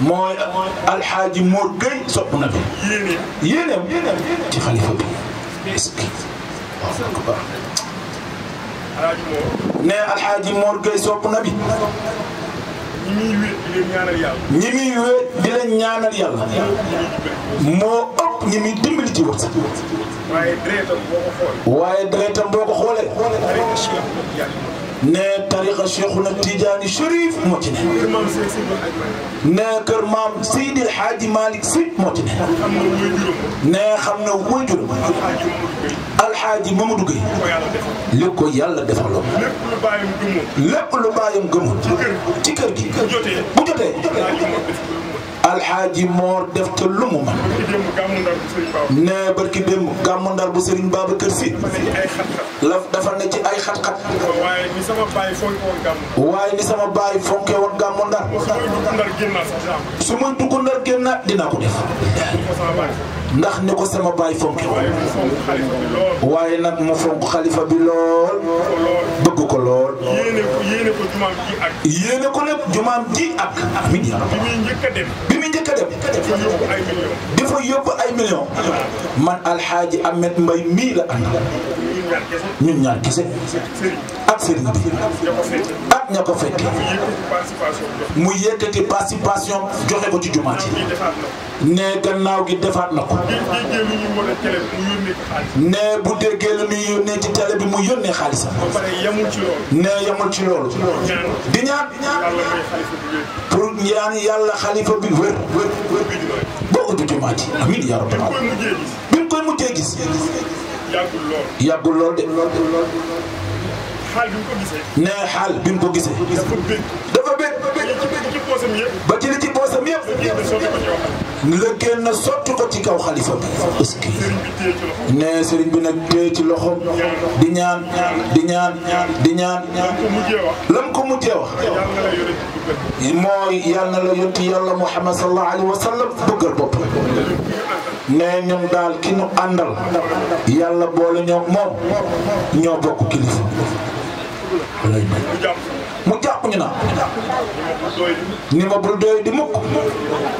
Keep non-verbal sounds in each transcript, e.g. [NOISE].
mooy alxaaji Mor Gueye sopp na fi yéeneem ci xalifa bi est-ce que waaw ko baax ne alxaaji Mor Gueye sopp na bi ñi muy wéet di leen ñaanal yàlla moo ëpp ñi muy dimbali ci wërsëg waaye dereetam boo ko xoolee ne tariqa Cheikhuna Tidiane Chérif moo ci ne. ne kër maam Seydi El Hadji Malick Sy moo ci ne. ne xam na wajuram Alxaaji Mamadou Gueye li ko yàlla defaloon. lépp lu bàyyam gëmoon. ci kër gi bu jotee. alxaaji moor def ca lu mu man ne barki démb gàmmu ndar bu sëriñ Babacar Si la dafa ne ci ay xat-xat waaye ni sama baay fonke woon gàmmu ndar su ma dugg ndar génnaat dina ko def ndax ni ko sama baay fonk waaye nag mu fonk xalifa bi lool bëgg ko lool yéene ko nag jumaam ji ak bi muy njëkk a dem bi dafa yóbbu ay million man alxaaji Ahmed Mbay mii la ànd ñun ñaar kese ak sëriñ ak ña ko fekk mu yëkkati participation joxe ko ci jumaa ji ne gannaaw gi defaat na ko déggee lu ñuy ne bu déggee lu ñuy yónnee ci télé bi mu yónnee xaalisam. ci loolu. ne yemul ci loolu. di ñaan di ñaan pour ñaan yàlla xalifa bi wér. boo ubbi jumaati amiin yaa rabbal aalamiin. bi mu koy mujjee gis. yàggul lool yàggul lool de. xaal bi mu ko gisee. ne xaal bi mu ko gisee. ba ci li ci poosam yëpp. nga na sotti ko ci kaw xalifa bi est-ce que ne sëriñ bi nag téye ci loxom di ñaan di ñaan di ñaan lam ko mujjee wax mooy yal na la yotti yàlla muhammad sallallahu alayhi wa sallam bëggal bopp ne daal ki ñu àndal yàlla boole ñoo moom ñoo bokk kilifa ñu na ni ma bul doy di mukk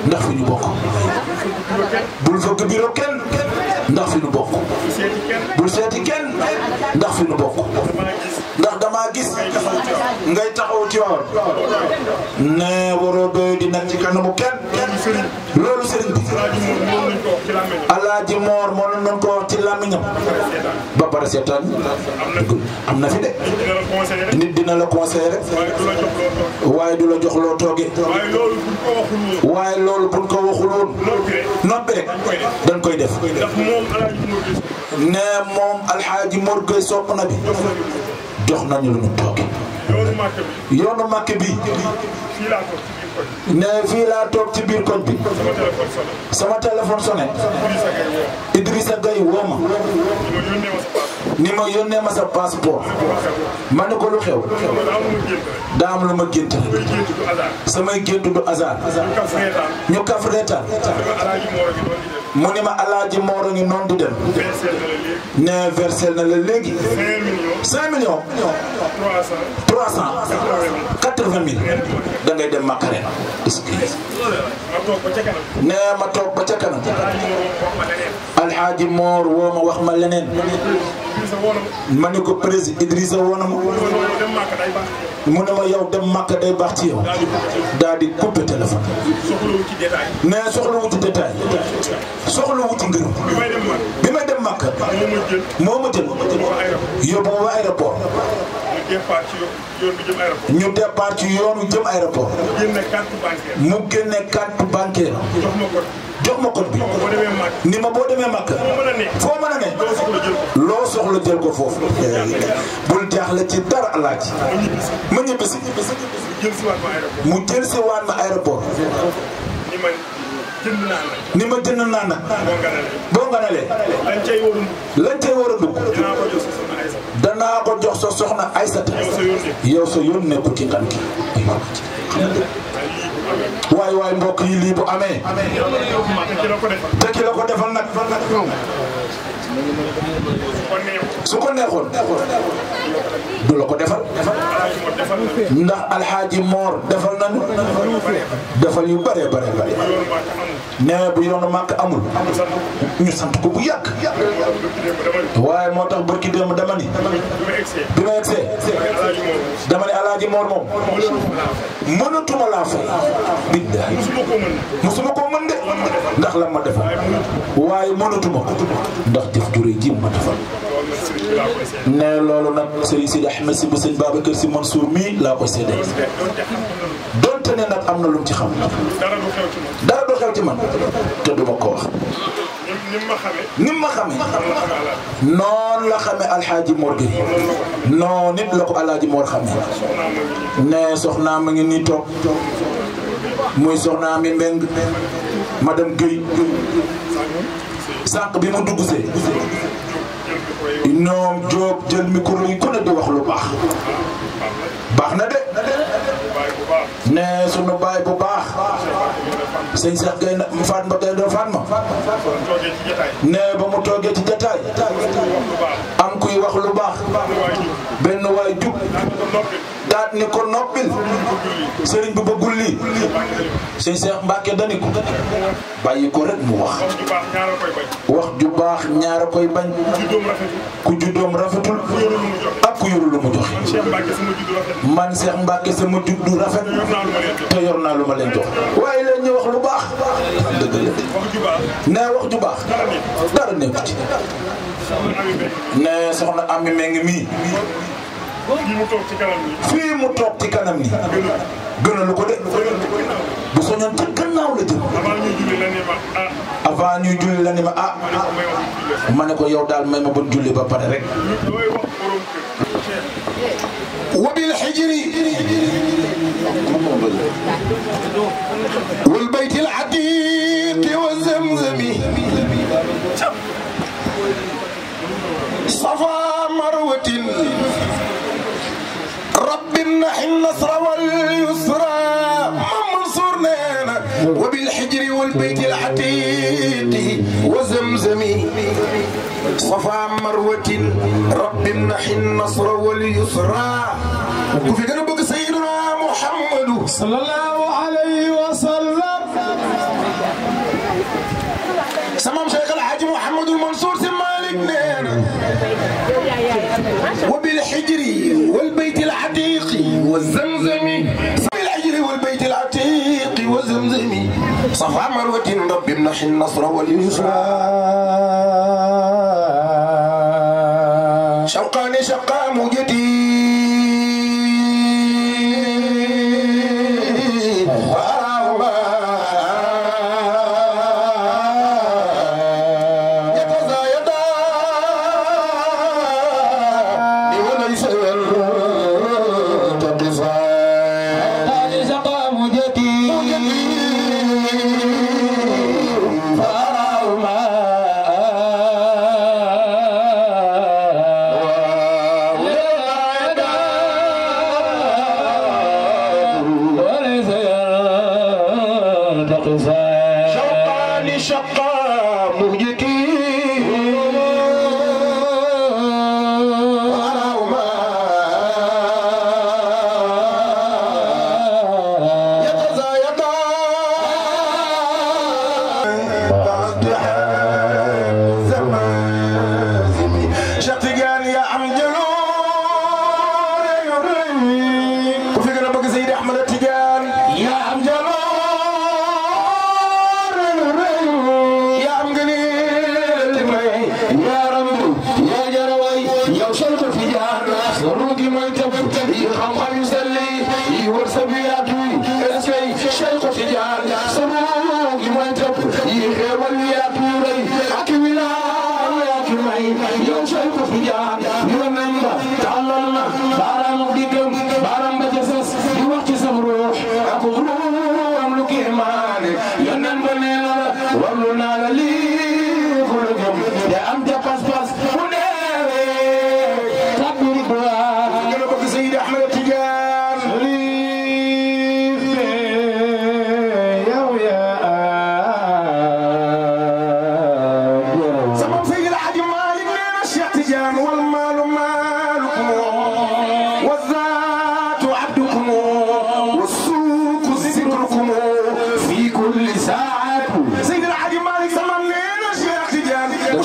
ndax fi ñu bokk bul fëgg biro kenn ndax fi ñu bokk bul seeti kenn ndax fi ñu bokk gis ngay taxaw Tiwaawan ne waroo doy di nag ci kanamu kenn loolu sëriñ bi alaaji moor moo leen doon ko wax ci làmmiñam ba pare seetaan am na fi de nit dina la conseillé waaye du la jox loo waaye loolu buñ ko waxul woon noppi koy def ne moom alxaaji Mor Gueye sopp na bi jox nañu lu ñu toog yoonu màkk bi ne fii laa toog ci biir koñ bi sama téléphone sonné Idrissa Gueye woo ma ni ma yónnee ma sa passeport ma ne ko lu xew daa am lu ma gént samay gént du hasard ñu kaf mu ni ma alaaji Mor ngi noonu di dem. nee versel na la léegi. 5 millions. 300. 80 mille. da ngay dem Makareen. nee ma toog ba ca kanam. alaaji Mor woo ma wax ma leneen. ma ne ko président Idrissa woon na ma. mu ne ma yow dem màkk day baax ci yow. daal di coupé téléphone. mais soxla wuti détail. soxla wuti ngërëm. bi may dem màkk. moo ma jël. yóbbu ma ba départ ci yoon bi jëm aéroport. ñu départ ci jëm aéroport. mu génne carte bancaire. mu génne carte bancaire. jox ma code. jox ma code bi. ni ma boo demee Màkk. foo mën a ne. loo soxla jël ko foofu. bul jaaxle ci dara alaaji. ma ñibbi si. mu jël si waat ma aéroport. ni ma jënd naa nag. boo nga nalee. lan cay war a dugg. danaa ko jox sa soxna Aysata yow sa yoon nekku ci ngan ki waay yi lii bu amee te ki la ko defal nag su ko neexoon du la ko defal ndax alxaaji moor defal nañu defal yu bare bare bare bu yoonu màkk amul ñu sant ko bu yàgg waaye moo tax barki démb dama ni bi ma egsee dama ne alxaaji moor moom mënatuma laa fay billaahi musuma ko mën de ndax lama ma defal waaye mënatuma ko ndax jure ji mata fal ne loolu nag Serigne Sidi Ahmed si bu sëñ Babacar si Mansour mii laa koy séddee donte ne nag am na lu ci xam dara du xew ci man te duma ko wax ni ma xamee noonu la xamee alxaaji Mor Gueye noonu nit la ko alxaaji Mor ne soxnaa ma ngi nii toog muy soxnaa mi mbeng madame Gueye sànq bi mu dugg see ñoom Diop jël micro yi ku ne di wax lu baax baax na de ne sunu baay bu baax sëñ Cheikh Gueye nag Fatma Gueye doo Fatma ne ba mu toogee ci jataay am kuy wax lu baax benn waay jub daat ni ko noppil sëriñ bi bëggul lii sëñ Seex Mbàkke dani ko bàyyi ko rek mu wax wax ju baax ñaara koy bañ ku juddoom rafetul ak ku yoru lu mu joxe man Seex Mbàkke sama juddu rafet te yor naa lu ma leen jox waaye leen ñu wax lu baax dëgg la ne wax ju baax dara nekku ci ne soxna Ami Meng mii fii mu toog ci kanam nii. fii mu toog ci kanam nii. gënalu ko de. bu soñoon ca gannaaw la jëm. avant ñuy julli la ne ma ah. avant ñuy julli la ne ma ah. ma ne ko ah. yow daal may ma ba julli ba pare rek. wabil xijiri. يمنح النصر واليسرى مام منصور نانا وبالحجر والبيت العتيق وزمزم صفا مروة رب امنح النصر واليسرى وفي قلبك سيدنا محمد صلى الله عليه وسلم سمام شيخ الحاج محمد المنصور قوة رب امنح النصر واليسرى شوقان شقا موجتي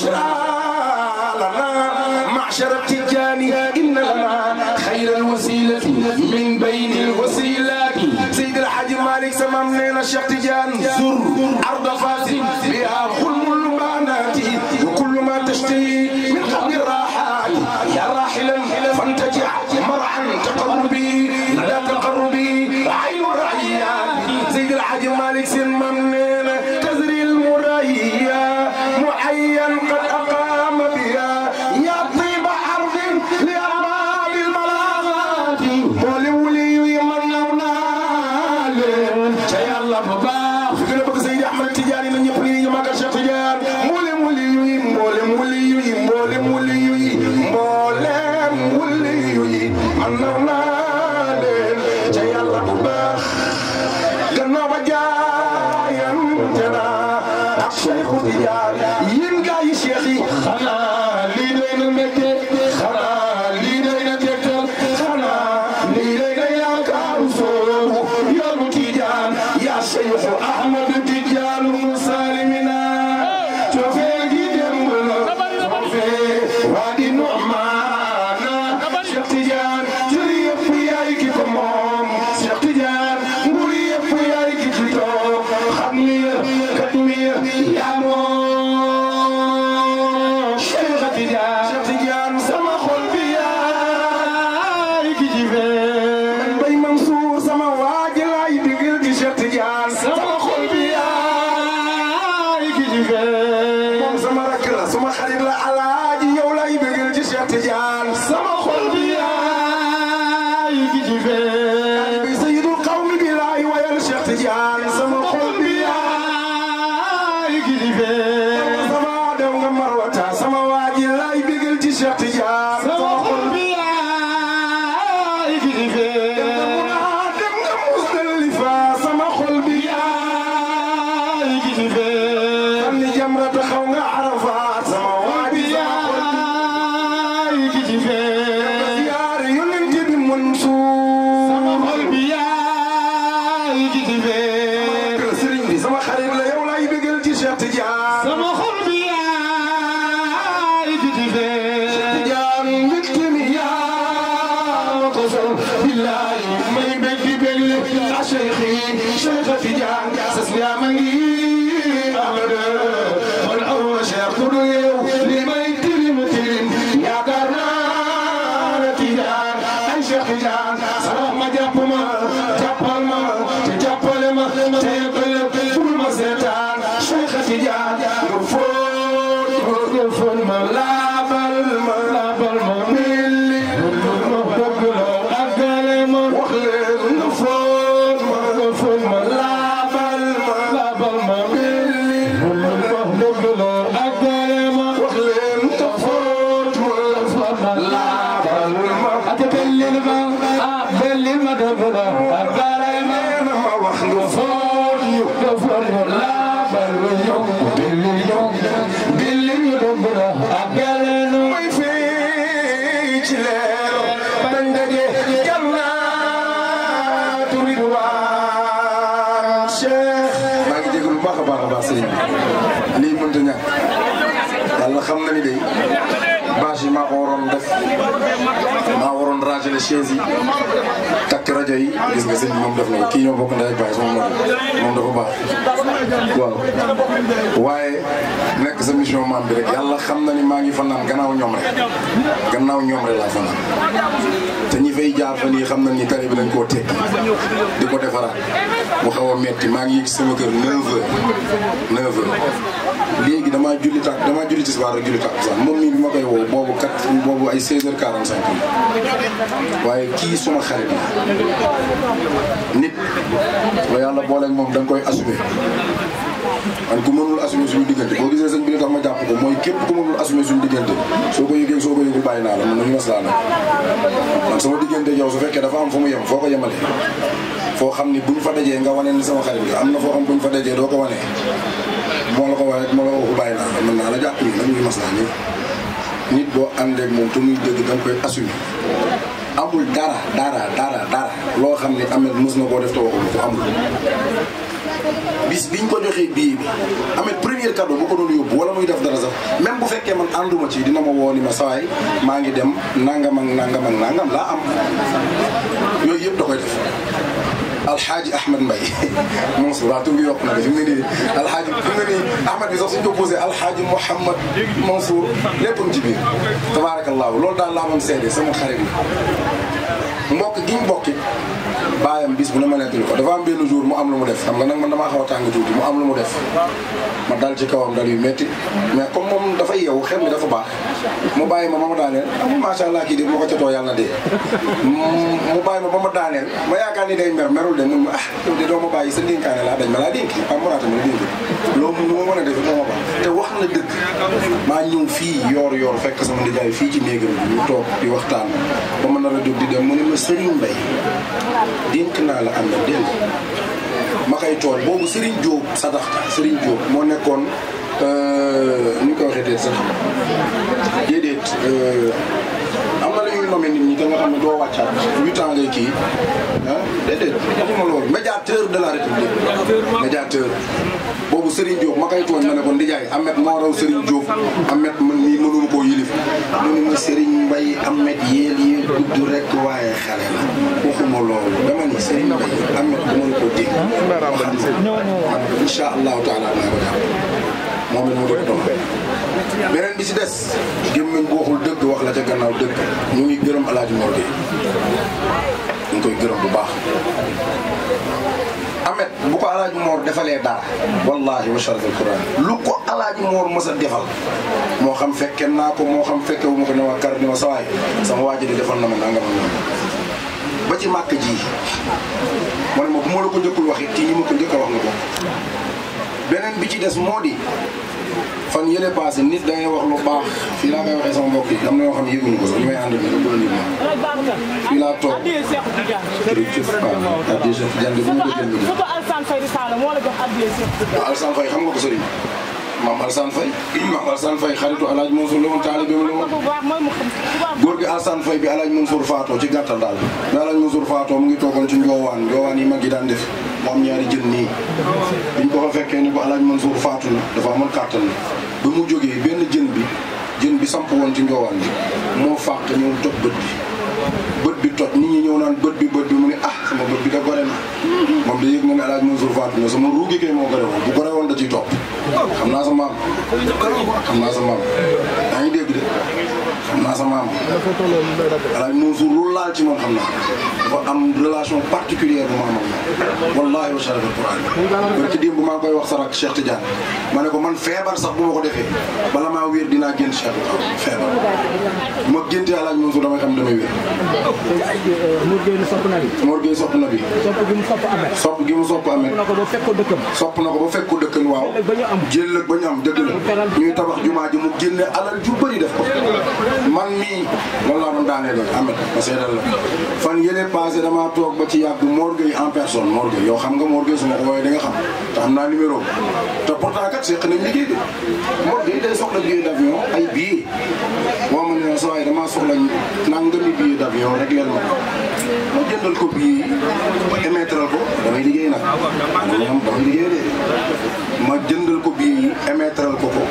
بشرى لنا معشر التجاني إن لنا خير الوسيلة من بين الوسيلات سيد الحاج مالك سمام لنا الشيخ تجان زر أرض فاخر بالله maa ko waroon def maa waroon rangé les chaises yi takk rajo yi gis nga sëñ moom def na ki ñoo bokk ndey ak baay moom moom dafa baax waaw. waaye nekk sa mission maam bi rek yàlla xam na ni maa ngi fanaan gannaaw ñoom rek gannaaw ñoom rek laa fanaan te ñi fay jaar fan yii xam na ni tari bi dañ koo tekki di ko defaraat mu xaw a metti maa ngi yëg sama kër 9 léegi damaa julli tàkk damaa julli tisbaar rek julli tàkkusaan moom mii bi ma koy woo boobu kat boobu ay 16h45 waaye kii suma xarit la nit la yàlla booleeg moom da nga koy assumer man ku mënul assumer suñu diggante boo gisee sëñ bi tax ma jàpp ko mooy képp ku mënul assumer suñu diggante soo ko yëgee soo ko yëgul bàyyi naa la man nañu maslaa nag man sama diggante yow su fekkee dafa am fu mu yem foo ko yemale foo xam ni buñ fa dajee nga wane ni sama xarit la am na foo xam buñ fa dajee doo ko wane moo la ko wax rek moo la ko bàyyi naa man naa la jàpp nii nag muy mas nii nit boo àndee ak moom te muy dëgg da koy assumer amul dara dara dara dara loo xam ne Ameth mës na koo def te amul bis biñ ko joxee bii bi Ameth premier cadeau bu ko doon yóbbu wala muy def dara sax même bu fekkee man ànduma ci dina ma woo ni ma sawaay maa ngi dem nangam ak nangam ak nangam laa am yooyu yëpp da koy def alxaaji Ahmed Mbaye moom sax waaw tur bi yokku na de fi mu ne nii alxaaji fi mu ne nii Ahmed bi sax suñ ko posé alxaaji Mouhamad Mansour lépp ci biir tabaarakallahu loolu daal laa moom seede sama xarit la mbokk gi ñu bokk baayam bis bu ne ma nettali ko dafa am benn jour mu am lu mu def xam nga nag man damaa xaw a tàng tuuti mu am lu mu def ma dal ci kawam dal yu métti mais comme moom dafa yeewu xel mi dafa baax mu bàyyi ma ah, macha allah kii di ma ko cotoo yàlla dee mu ma ba ma daaneel ma yaakaar ni day mer merul de mun ma ah yow de doo ma bàyyi sa dénkaane laa dañ ma laa dénk Pape a def moo te wax na maa ñëw fii yoor yoor fekk sama ndijaay fii ci néegam ñu toog di waxtaan ba ma nar a jóg di dem mu ne ma Serigne Mbaye dénk naa la am na dégg ma koy tool boobu Serigne Diop sadax Serigne Diop moo nekkoon euh, ni ñu ko waxee sax déedéet euh, am na lu ñuy nommer nit ñi te nga xam ne doo wàccaat huit ans ngay kii ah déedéet waxuma loolu médiateur de la république médiateur boobu Serigne Diop ma koy tooñ ma ne ko ndijaay Ahmed moo raw Serigne Diop Ahmed man mii mënuma koo yilif mu ne ma Serigne Mbaye yi du rekk waaye xale la waxuma loolu dama ni sëriñ Mbaye am na ku mën koo dégg incha allahu taala naa ko moom it ma koy doon beneen bi ci des gémmiñ waxul dëgg wax la ca gannaaw dëgg ñu ngi gërëm alaaji Mor Gueye ñu koy gërëm bu baax amet bu ko alaaji moor defalee daal wallahi wa sharafil quran lu ko alaaji moor mës defal moo xam fekke naa ko moo xam fekke wu ma ko ne waa kar ni ma sawaay sama waaji di defal na ma nangam ba ci màkk ji ma ne ma bu ko njëkkul wax ci ñi ma ko njëkk wax nga bokk beneen bi ci des moo di fan yële passé nit da ngay wax lu baax fii laa koy waxee sama mbokk yi am na yoo xam ne yëguñu ko sax ñu may ànd ak ñoom loolu yëpp fii laa toog. jërëjëf waaw addiya Cheikh Tidiane bu ñu ko jënd. waaw Alassane Faye xam nga ko sëriñ maam Alassane Faye [COUGHS] maam Alassane Faye xaritu El Hadj Mansour la woon taalibe la woon góor gi Alassane Faye bi El Hadj Mansour faatoo ci gàttal daal bi El Hadj Mansour mu ngi toogoon ci njoowaan njoowaan yi daan def. am ñaari jën nii biñ ko fekkee ni ko alaaj Mansour faatu na dafa man kàttan ba mu jógee benn jën bi jën bi samp woon ci njoowaan bi moo fàq ñëw toj bët bi bët bi toj nit ñëw naan bët bi bët bi mu ne ah sama bët bi da gore na moom da yëg na ne alaaj Mansour faatu na sama ruugi kay moo gore woon da ciy topp xam naa sa maam xam naa sa maam ma dégg de xam naa sama am alaaj Mansour loolu laal ci moom xam naa dafa am relation particulière bu ma am ak moom wa sharafal Quraan ci wax sa rak Cheikh Tidiane ma ne ko man feebar sax bu ma ko defee bala maa wér dinaa génn Cheikh feebar bu ma géntee alaaj sopp na bi Mor Gueye sopp na bi sopp gi mu sopp amee sopp gi mu sopp na ko ba fekk ko dëkkam sopp na ko ba fekk ko dëkkam waaw jëllëg ba ñu am dëgg la jumaa ji mu génne alal yu bëri def ko man mii loolu laa doon daaneel la la fan yële passé damaa toog ba ci yàgg Mor Gueye en personne Mor Gueye xam nga Mor Gueye su ma ko wooyee da nga xam te xam naa numéro te pourtant kat seq nañ liggéey bi Mor Gueye day soxla billet d' avion ay billet woo soxla nangami billet d' avion rek leen ma ma jëndal ko liggéey nag ma jëndal ko billet yi émettral ko ko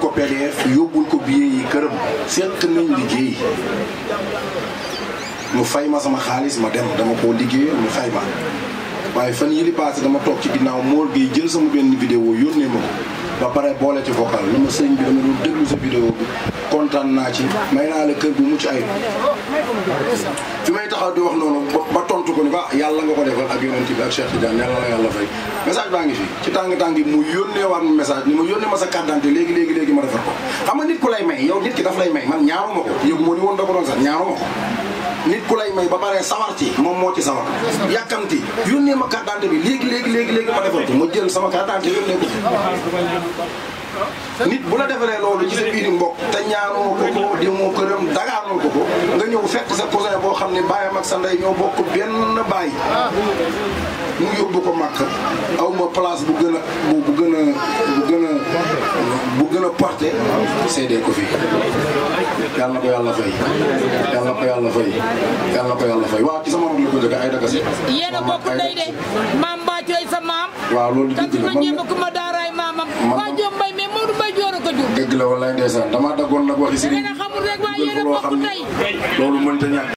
defal ko ko billet këram seq nañ liggéey ñu fay ma sama xaalis ma dem dama ko liggéey mu fay ma waaye fan yii li dama toog ci ginnaaw Mor gi jël sama benn vidéo yónnee ma ko. ba pare boole ci vocal ni ma sëñ bi dama doon déglu sa vidéo bi kontaan naa ci may naa la kër mu mucc ay fi may taxaw di wax noonu ba tontu ko ni ko ah, yàlla nga ko defal ak yonent bi ak Cheikh Tidiane yàlla la yàlla fay message baa ngi fi ci tàng tàng mu yónnee waat ma message ni ma yónnee ma sa carte d'identité léegi léegi léegi ma defar ko xam nga nit ku lay may yow nit ki daf lay may man ñaanuma ko yëg moo ni woon da ko doon sax ñaanuma ko nit ku lay may ba pare sawar ci moom moo ci sawar yàkkamti yónnee ma carte d'identité bi léegi léegi léegi léegi ma ma jël sama carte d'identité yónnee ko nit bu la defalee loolu ci sa biir mbokk te ñaanoo ko ko demoo këram dagaanoo ko ko nga ñëw fekk sa cousin boo xam ne baayam ak sa ndey ñoo bokk benn baay mu yóbbu ko màkk aw ma place bu gën a bu bu gën a bu gën a bu gën a porté seedee ko fii yal na ko yàlla fay yal na ko yàlla fay yal na ko yàlla fay waaw ci sama moom la ko jóge ay daka si yéen a bokk ndey sa maam waaw maamam waa Diop Mbaye mais Modou Mbaye Dior a ko jur dëgg la wallaay ndeysaan damaa daggoon nag waxi sëriñ bi xamul rek waaye yéen a bokk tey loolu mënta ñàkk